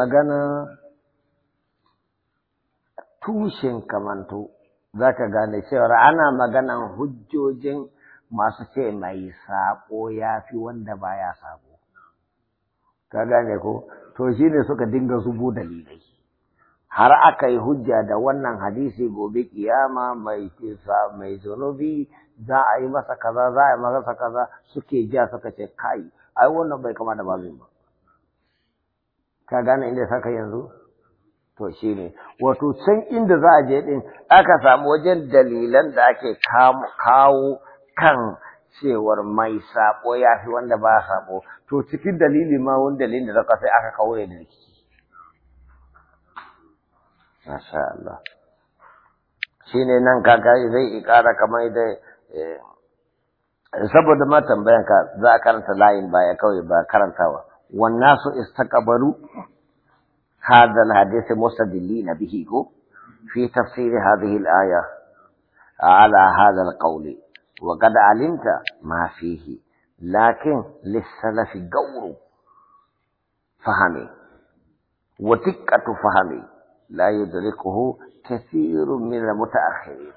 magana tushen kamanto za ka gane cewar ana maganan hujjojin masu ce mai saƙo ya fi wanda ba ya saƙo. Ka gane ko, to shi ne suka dinga zubo dalilai. Har aka yi hujja da wannan hadisi gobe kiyama mai kisa mai zunubi za a yi masa kaza za a yi masa kaza suke ja suka ce kai ai wannan bai kama da babin ba. ka gane inda saka yanzu to shi ne wato can inda za a je din aka samu wajen dalilan da ake kawo kan cewar mai sabo ya fi wanda ba sabo to cikin dalili ma wani dalilin da zaka sai aka kawo da rikici masha Allah ne nan kaga zai ikara kamar da eh, saboda ma tambayan ka za a karanta layin baya kawai ba karantawa والناس استكبروا هذا الحديث مستدلين به في تفسير هذه الآية على هذا القول وقد علمت ما فيه لكن للسلف جور فهمي وتكة فهمي لا يدركه كثير من المتأخرين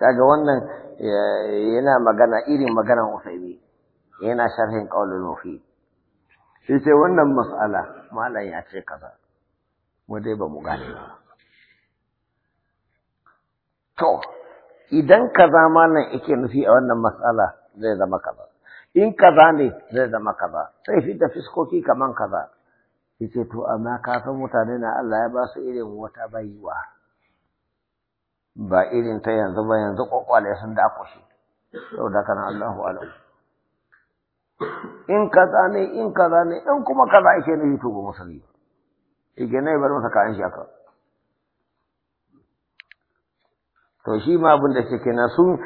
kaga wannan yana magana irin maganan yana sharhin ƙaunar mufid shi ce wannan mas'ala malam ya ce kaza mu dai ba mu gane ba to idan kaza malam yake nufi a wannan mas'ala zai zama kaza in kaza ne zai zama kaza sai fi da fiskoki kaman kaza ce to amma ka san mutane na Allah ya ba su irin wata baiwa ba irin ta yanzu ba yanzu kwakwale sun da akushi saboda kana Allahu alam in kaza ne in kaza ne in kuma kaza yake ne to ba musali yake ne bar masa kayan shi to shi ma abin da suke na sun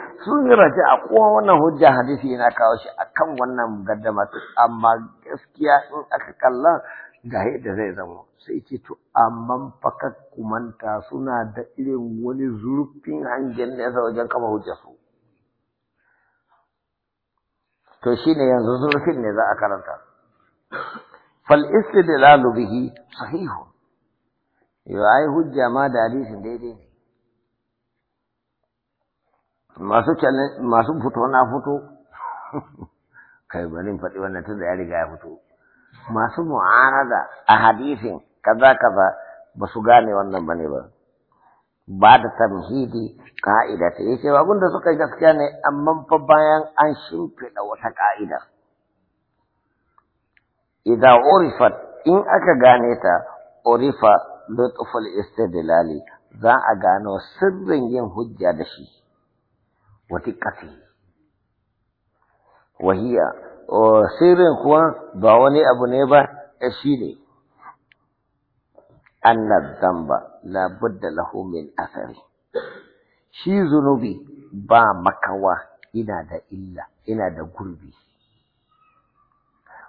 yi raja a kowa wannan hujja hadisi yana kawo shi akan wannan gaddama amma gaskiya in aka kalla ga yadda zai zama sai ce to amma kumanta suna da irin wani zurfin hangen nesa wajen kama hujjarsu. su to shine yanzu zurfin ne za a karanta fal istidlalu bihi sahihu yau ai hujja ma da hadisin daidai ne masu masu fito na fito kai bari in faɗi wannan tun da ya riga ya fito masu mu'arada a hadisin kaza kaza ba su gane wannan bane ba ba da tamhidi ka'ida ta yake ba da suka gaskiya ne amma fa bayan an shimfiɗa wata ka'ida idza urifat in aka gane ta urifa lutful istidlali za a gano sirrin yin hujja da shi wati kafi wahiya sirrin kuwa ba wani abu ne ba shi ne anna damba la budda lahu min athari shi zunubi ba makawa ina da illa ina da gurbi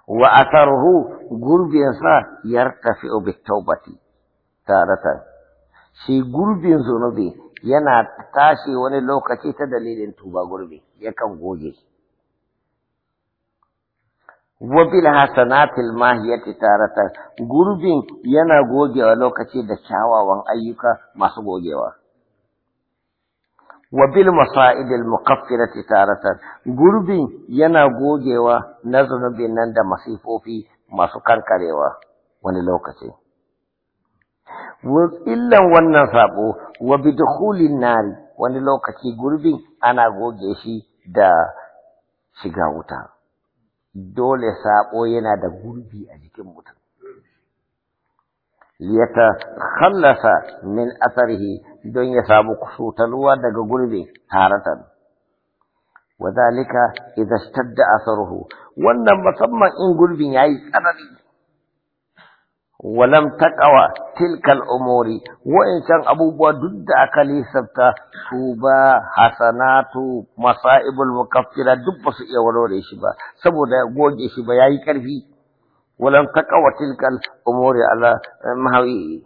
wa atharuhu gurbinsa bi bitaubati tarata shi gurbin zunubi yana tashi wani lokaci ta dalilin tuba gurbi yakan goge wabil bil hasanatil mahiyati tarata gurbin yana gogewa lokaci da kyawawan ayyuka masu gogewa wabil masa'idil muqaffirati tarata gurbin yana gogewa na zunubin nan da masifofi masu karkarewa wani lokaci illan wannan sabo wa dukhulin nari wani lokaci gurbin ana goge shi da shiga wuta dole saƙo yana da gurbi a jikin mutum. li Liyata khallasa min asarihi don ya samu kusutarwa daga gurbi taratan. Wadalika idan stadda asaruhu, wannan musamman in gurbin yayi tsanani. walam taqawa tilkal umuri wa'incan abubuwa duk da aka lissafta su ba hasanatu masaibul mukaffira duk ba su iya warware shi ba saboda goge shi ba yayi karfi walam taqawa tilkal umuri ala mahawi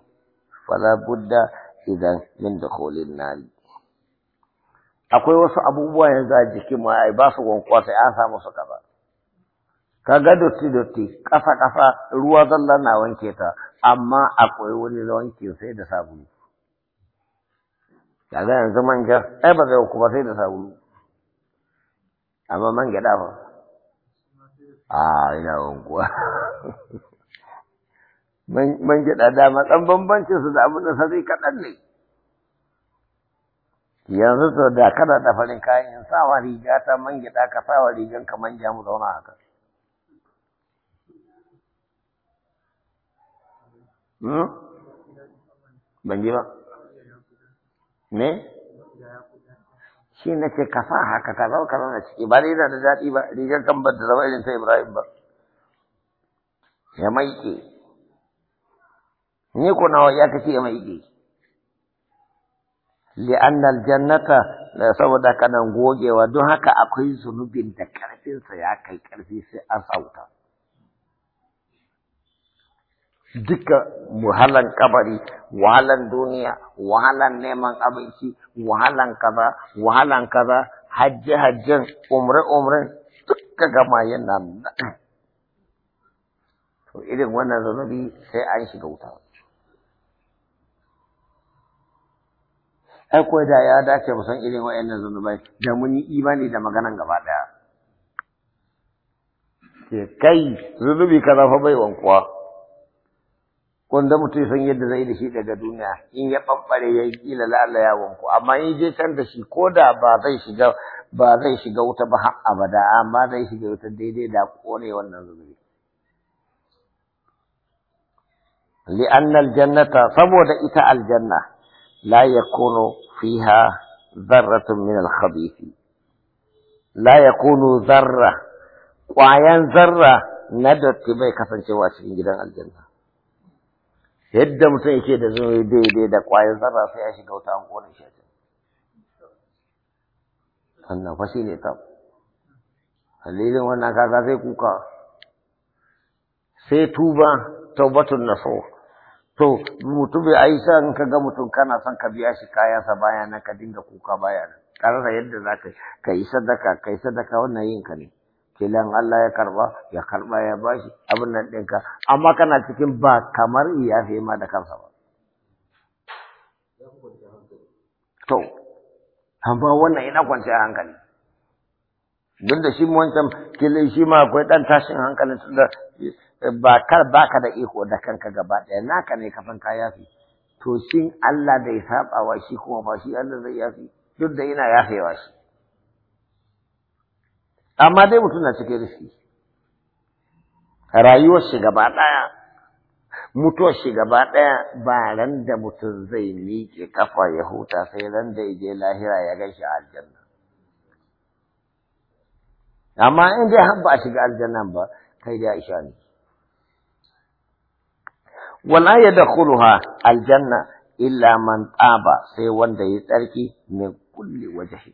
fala budda idan min dukhulin nar akwai wasu abubuwa yanzu a jikin mu ai ba su gonkwa sai an samu su kaza Ka ga dotti dotti kafa kafa ruwa zalla na wanke ta amma akwai wani wanke sai da sabulu kaga yanzu manja ai ba zai kuma sai da sabulu amma man gyaɗa ba a ina wankuwa man gyaɗa dama ɗan bambancin su da abin da sai kaɗan ne yanzu to da kana da farin kayan sawa riga ta man gyaɗa ka sawa rigan ka manja mu zauna haka Hmm? ban ji ba me shi na ce ka sa haka ka zau kaza na ciki ba dai yana da daɗi ba rigar kan ban da zama irin ta ibrahim ba ya maike ni ko nawa ya kace ya maike li'anna aljannata saboda kanan gogewa don haka akwai zunubin da karfinsa ya kai karfi sai an sauta duka wahalan kabari wahalan duniya wahalan neman abinci wahalan kaza wahalan kaza hajji hajjin umre umren duka gama yana nan to irin wannan zanubi sai an shiga wuta ai ko da ya dace mu san irin wayannan zanubai da mun yi imani da maganan gaba daya ke kai zanubi kaza fa bai wankuwa Kwanda mutum san yadda zai da shi daga duniya in ya ɓaɓɓare ya yi ƙila lalaya wanku amma in je can da shi ko da ba zai shiga ba zai shiga wuta ba har abada amma zai shiga wuta daidai da ƙone wannan zunubi. li'annal jannata saboda ita aljanna la yakunu fiha zarratun min al la yakunu zarra ƙwayan zarra na datti bai kasancewa cikin gidan aljanna yadda mutum yake da zunubi daidai da ƙwayar zarra sai ya shiga wuta an ƙone shi a can wannan fa ne ta. halilin wannan kaka sai kuka sai tuba taubatun naso to mutum bai ai san ka ga mutum kana son ka biya shi kayansa baya nan ka dinga kuka baya nan yadda za ka yi sadaka kai sadaka wannan yin ka ne filan Allah ya karba ya karba ya bashi abin nan ɗinka amma kana cikin ba kamar ya fi ma da kansa ba to amma wannan ina kwanciya hankali duk da shi wancan kilin shi ma akwai ɗan tashin hankalin tunda ba kar baka da iko da kanka gaba ɗaya naka ne kafin ka yafi to shin Allah da ya saba wa shi kuma ba shi Allah zai yafi duk da ina yafewa shi amma dai mutum na cikin rufi, rayuwar shi gaba ɗaya mutuwar shi gaba ɗaya ba ran da mutum zai miƙe kafa ya huta sai ran da ya je lahira ya gan shi aljanna amma in dai har ba a shiga aljanna ba kai da isha ne wala yadkhuluha aljanna illa man taba sai wanda ya tsarki kulle waje shi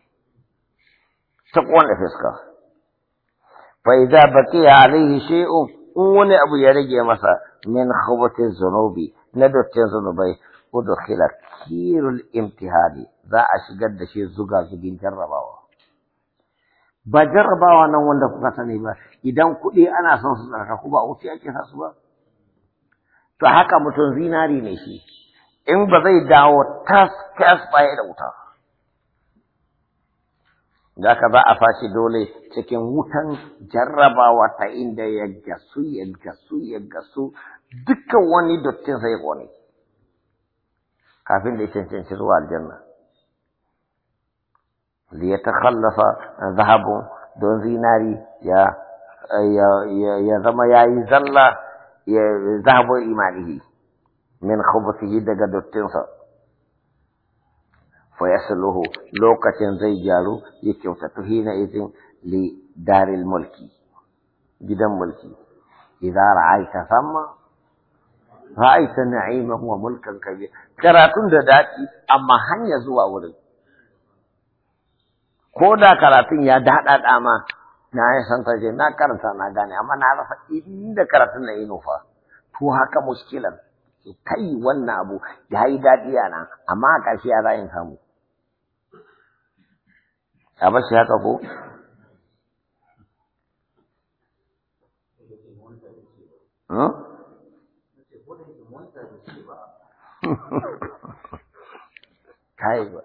ta kowane fuska. فإذا بقي عليه شيء أون أبو يرجع مثلا من خبط الزنوبي ندرت الزنوبي ودخل كير الامتحان ذا أشقد شيء زقا زقين جرباوه ba jarrabawa nan wanda kuka sani ba idan kuɗi ana son su ku ba wuce ake sa su ba to haka mutum zinari ne shi in ba zai dawo tas kas baya da wuta da ka za a fashi dole cikin wutan jarrabawa ta inda ya gasu ya gasu ya gasu dukkan wani dottin sai kone kafin da ya cancanci zuwa aljanna li takhallafa zahabu don zinari ya ya zama yayi zalla ya zahabu imanihi min khubuthihi daga dottinsa fa lokacin zai gyaru ya kyautatu hina izin li daril mulki gidan mulki idza ra'aita thamma ra'aita na'iman wa mulkan kabir karatun da dadi amma hanya zuwa wurin ko da karatun ya dada dama na yi san taje na karanta na gane amma na rasa inda karatun na yi nufa to haka muskilan kai wannan abu ya yi dadi amma a ƙarshe ya za in samu a bashi haka ko hmm? kai ba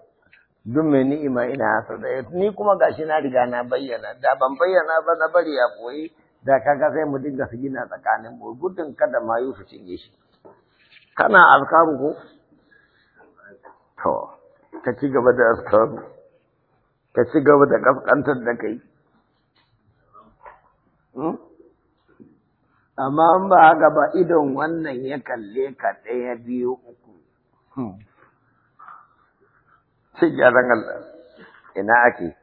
duk mai ni'ima ina hasa da ni kuma gashi na riga na bayyana da ban bayyana ba na bari a koyi da kaga sai mu dinga su gina tsakanin mu gudun kada ma yi su cinye shi kana alkaru ko to ka ci gaba da alkaru ka ci gaba da kaskantar da kai hmm? amma an ba haka ba idon wannan ya kalle ka ɗaya biyu uku hmm. sai gyaran Allah ina ake